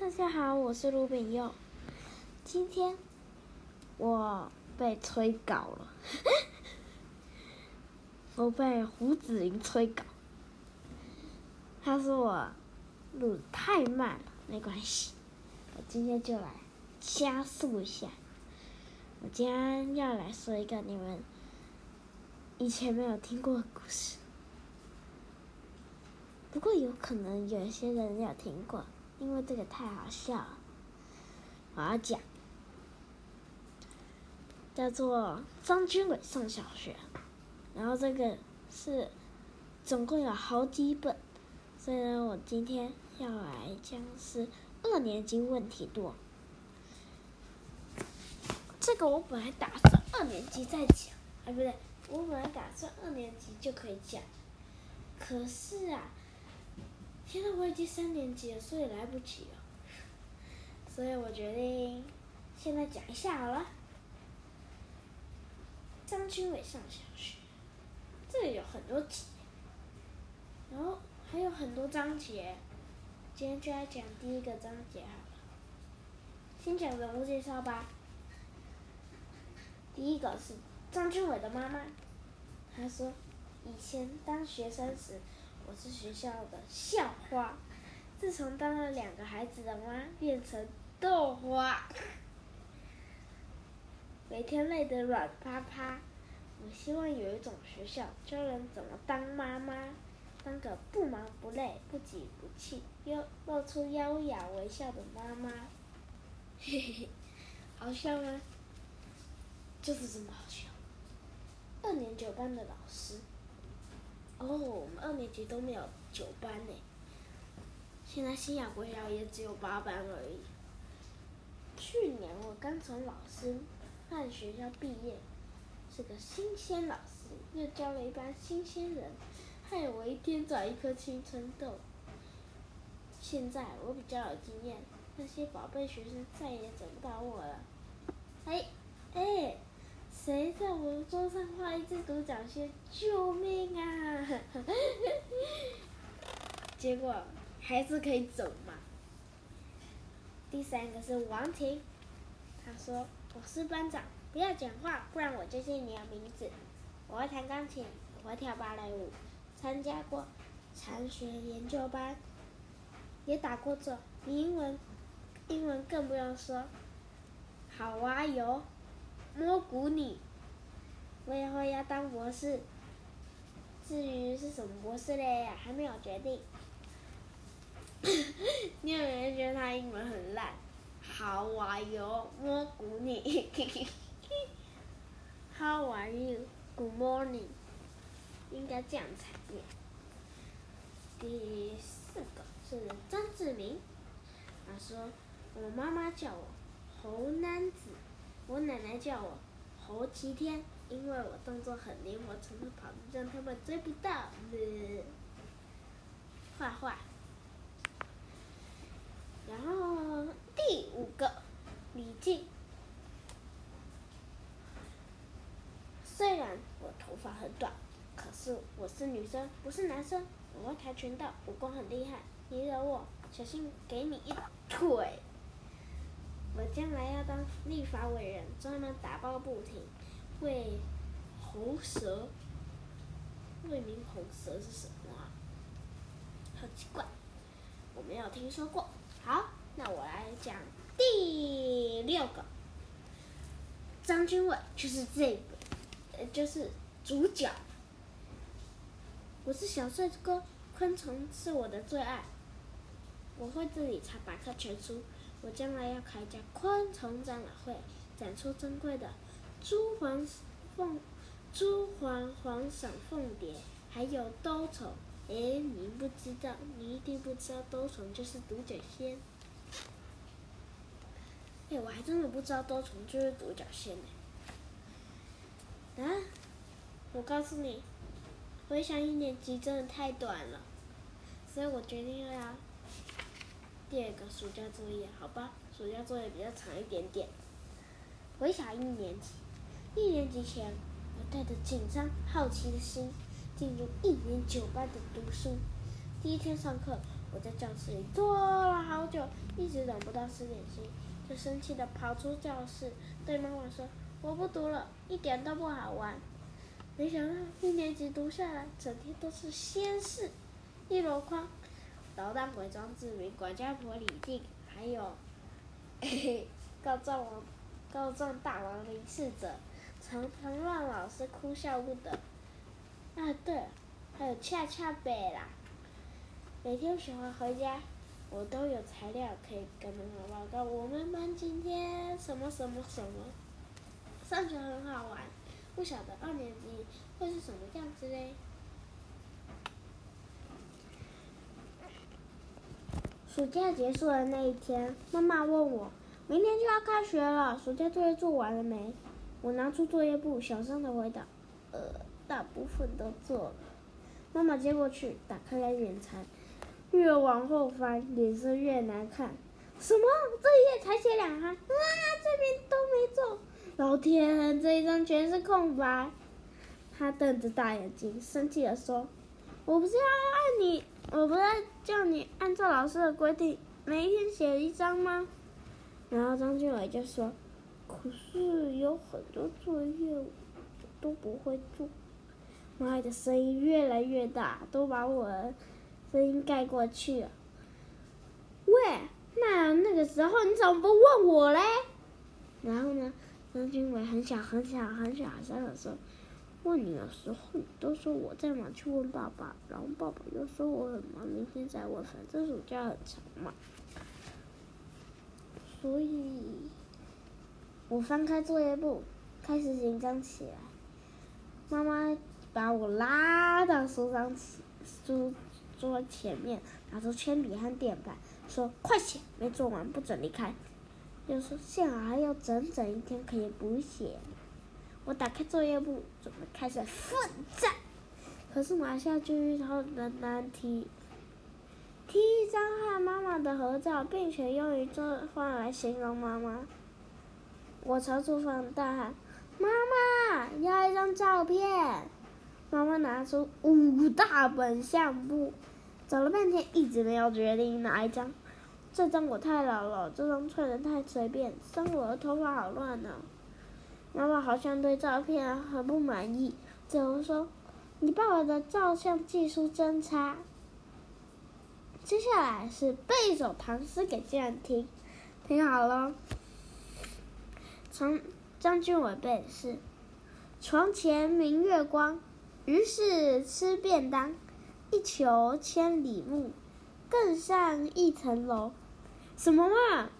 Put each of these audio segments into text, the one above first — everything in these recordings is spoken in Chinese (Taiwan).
大家好，我是盧炳佑。今天我被催稿了， 我被鬍子林催稿。他說我錄得太慢了，沒關係，我今天就來加速一下。我今天要來說一個你們以前沒有聽過的故事，不過有可能有些人有聽過。因為這個太好笑了，我要講叫做張君偉上小學，然後這個是總共有好幾本，所以呢，我今天要來講是二年級問題多。這個我本來打算二年級再講，啊，不對，我本來打算二年級就可以講，可是啊。現在我已經三年級了，所以來不及了，所以我決定現在講一下好了。張君偉上小學，這裡有很多集。然、哦、後還有很多章節，今天就來講第一個章節好了。先講人物介紹吧，第一個是張君偉的媽媽，她說以前當學生時。我是學校的校花，自從當了兩個孩子的媽，變成豆花， 每天累得軟趴趴。我希望有一種學校教人怎麼當媽媽，當個不忙不累、不急不氣、又露出優雅微笑的媽媽。嘿嘿嘿，好笑嗎？就是這麼好笑。二年九班的老師。哦，oh，我們二年級都沒有九班呢，現在新雅國小也只有八班而已。去年我剛從老師辦學校畢業，是個新鮮老師，又教了一班新鮮人，害我一天長一顆青春痘。現在我比較有經驗，那些寶貝學生再也找不到我了。哎、欸，哎、欸。誰在我們桌上畫一隻獨角仙？救命啊！ 結果還是可以走嘛。第三個是王婷，他說：“我是班長，不要講話，不然我就念你的名字。我會彈鋼琴，我會跳芭蕾舞，參加過殘學研究班，也打過字，英文，英文更不用說，好啊，有。”摸骨你，我以後要當博士。至於是什麼博士嘞，還沒有決定。 你有沒有覺得他英文很爛？How are you? 摸骨你。 How are you? Good morning，應該這樣才對。第四個是張志明，他說：“我媽媽叫我猴男子。”我奶奶叫我猴齊天，因為我動作很靈活，常常跑得讓他們追不到。畫畫，然後第五個李靜，雖然我頭髮很短，可是我是女生，不是男生。我會跆拳道，武功很厲害，你惹我，小心給你一腿。我將來要當立法委員，專門打抱不平，為喉舌，為民喉舌是什麼啊？好奇怪，我沒有聽說過。好，那我來講第六個，張君偉就是這個，呃，就是主角。我是小帥哥，昆蟲是我的最愛，我會自己查百科全書。我將來要開一家昆蟲展覽會，展出珍貴的珠黃鳳、珠黃黃閃鳳蝶，還有兜蟲。哎、欸，你不知道，你一定不知道，兜蟲就是獨角仙。哎、欸，我還真的不知道兜蟲就是獨角仙呢、欸。啊！我告訴你，回想一年級真的太短了，所以我決定要。第二個暑假作業，好吧，暑假作業比較長一點點。回想一年級，一年級前，我帶着緊張、好奇的心，進入一年九班的讀書。第一天上課，我在教室裡坐了好久，一直等不到吃點心，就生氣的跑出教室，對媽媽說：“我不讀了，一點都不好玩。”沒想到一年級讀下來，整天都是心事一籮筐。搗蛋鬼張志明、管家婆、李靜，還有，嘿、哎、嘿，告狀王、告狀大王林志者，常常讓老師哭笑不得。啊，對，還有恰恰貝啦，每天喜歡回家，我都有材料可以跟媽媽報告。我們班今天什麼什麼什麼，上學很好玩，不曉得二年級會是什麼樣子嘞？暑假結束的那一天，媽媽問我：“明天就要開學了，暑假作業做完了沒？”我拿出作業簿，小聲的回答：“呃，大部分都做了。”媽媽接過去，打開來檢查，越往後翻，臉色越難看。什麼？這一頁才寫兩行？啊，這邊都沒做！老天，這一張全是空白！他瞪着大眼睛，生氣的說：“我不是要愛你。”我不是叫你按照老師的規定，每一天寫一張嗎？然後張君偉就說：“可是有很多作業，我都不會做。”媽的聲音越來越大，都把我的聲音蓋過去了。喂，那那個時候你怎麼不問我嘞？然後呢，張君偉很小很小很小聲的說。問你的時候，你都說我在忙，去問爸爸，然後爸爸又說我很忙，明天再問。反正暑假很長嘛，所以，我翻開作業簿，開始緊張起來。媽媽把我拉到書上書桌前面，拿出鉛筆和墊板，說：“快寫，沒做完不准離開。”又說：“幸好還有整整一天可以補寫。”我打開作業簿，準備開始奮戰。可是馬上就遇到難題：第一張和媽媽的合照，並且用一句話來形容媽媽。我朝廚房大喊：“媽媽，要一張照片。”媽媽拿出五大本相簿，找了半天，一直沒有決定哪一張。這張我太老了，這張穿的太隨便，生我的頭髮好亂呢、哦。媽媽好像對照片很不滿意，怎麼說？你爸爸的照相技術真差。接下來是背一首唐詩給家人聽，聽好了。張君偉我背是《床前明月光》，於是吃便當，欲窮千里目，更上一層樓。什麼嘛！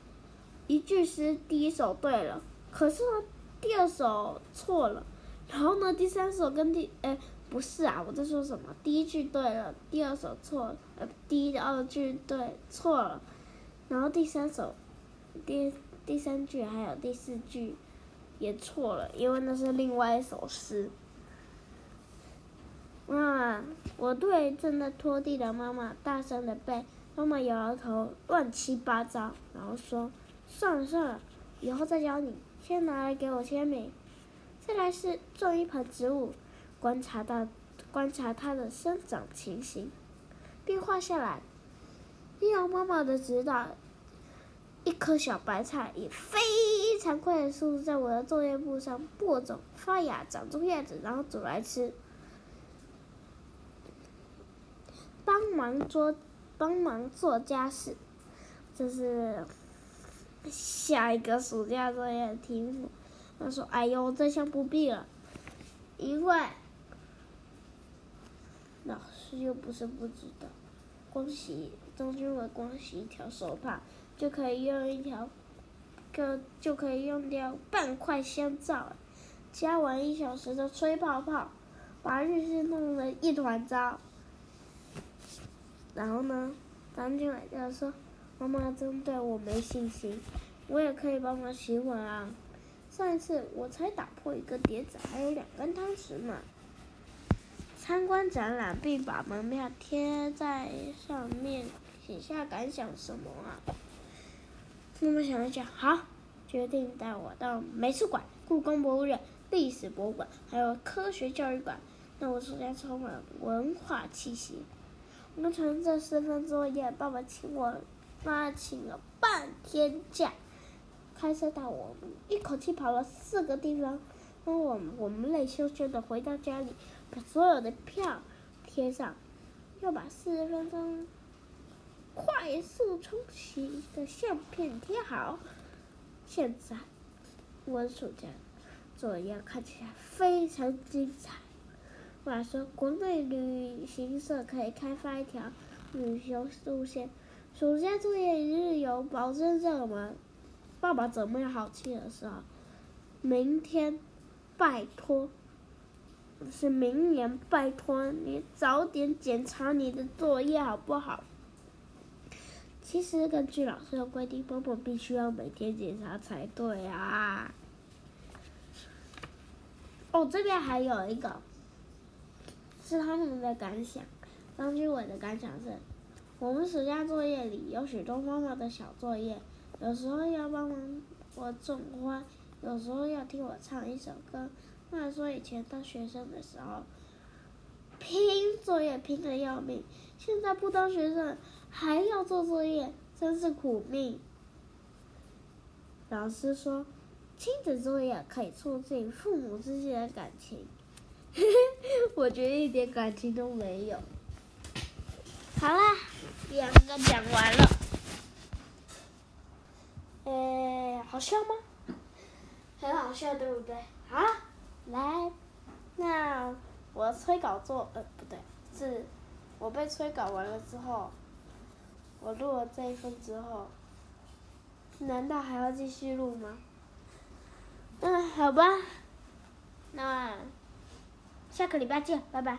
一句詩第一首對了，可是呢？第二首錯了，然後呢？第三首跟第，哎、欸，不是啊！我在說什麼？第一句對了，第二首錯了，呃，第一、二句對，錯了，然後第三首，第第三句還有第四句，也錯了，因為那是另外一首詩。媽、嗯、我對正在拖地的媽媽大聲的背，媽媽搖搖頭，亂七八糟，然後說：“算了算了。”以後再教你，先拿來給我簽名。再來是種一盆植物，觀察到觀察它的生長情形，並畫下來。聽我媽媽的指導，一棵小白菜以非常快的速度在我的作業簿上播種、發芽、長出葉子，然後煮來吃。幫忙做幫忙做家事，這、就是。下一個暑假作業題目，他說：“哎呦，這下不必了，因為老師又不是不知道，光洗張君偉光洗一條手帕就可以用一條，就就可以用掉半塊香皂，加完一小時的吹泡泡，把浴室弄得一團糟。然後呢，張君偉就說。”媽媽真對我沒信心，我也可以幫忙洗碗啊。上一次我才打破一個碟子，還有兩根湯匙呢。參觀展覽，並把門票貼在上面，寫下感想什麼啊？媽媽想了想，好，決定帶我到美術館、故宮博物院、歷史博物館，還有科學教育館。讓我時間充滿文化氣息。完成這四份作業，爸爸請我。媽請了半天假，開車帶我們，們一口氣跑了四個地方，我們我們累咻咻的回到家裡，把所有的票貼上，又把四十分鐘快速沖洗的相片貼好。現在，我暑假作業看起來非常精彩。媽說，國內旅行社可以開發一條旅遊路線。暑假作業一日遊，保證讓我們爸爸怎麼有好氣的時候，明天拜託，是明年拜託，你早點檢查你的作業好不好？其實根據老師的規定，爸爸必須要每天檢查才對啊。哦，這邊還有一個，是他們的感想，張君偉的感想是。我們暑假作業裡有許多媽媽的小作業，有時候要幫忙我種花，有時候要聽我唱一首歌。那說以前當學生的時候，拼作業拼得要命，現在不當學生還要做作業，真是苦命。老師說，親子作業可以促進父母之間的感情。 我覺得一點感情都沒有。好啦。兩個講完了，哎、欸，好笑嗎？很好笑，對不對？好啊，來，那我催稿做，呃，不對，是我被催稿完了之後，我錄了這一份之後，難道還要繼續錄嗎？嗯，好吧，那下個禮拜見，拜拜。